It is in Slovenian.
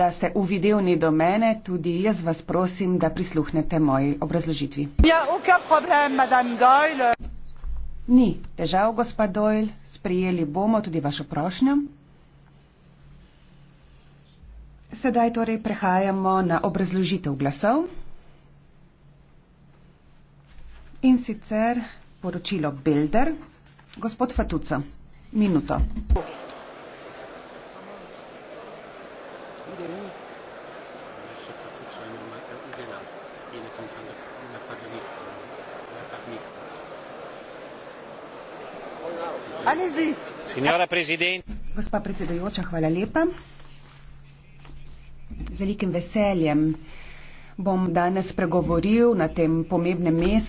da ste uvideli do mene, tudi jaz vas prosim, da prisluhnete moji obrazložitvi. Ja, problem, Ni težav, gospod Dojl, sprijeli bomo tudi vašo prošnjo. Sedaj torej prehajamo na obrazložitev glasov. In sicer poročilo Bilder, gospod Fatuca, minuto. pride un adesso faccio c'è una e, marca di là viene con tanto una parmigiana una parmigiana Alesi Signora Presidente Gospa predsedujoča, hvala lepa. Z velikim veseljem bom danes pregovoril na tem pomembnem mestu.